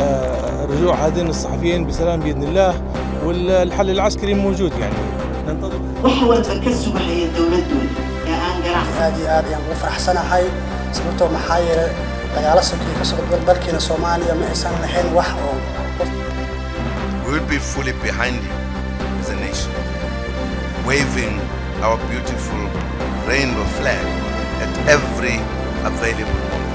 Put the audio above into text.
آه، رجوع هذين الصحفيين بسلام باذن الله والحل العسكري موجود يعني ننتظر وحوت كسب هي الدولة دول يا ان جرح هذه هذه يعني فرح سنه هاي سببتو محايره dagaalo سكي ka socda dalkeena Soomaaliya ma aysan lahayn wax oo we'll be fully behind you as a nation waving our beautiful rainbow flag every available moment.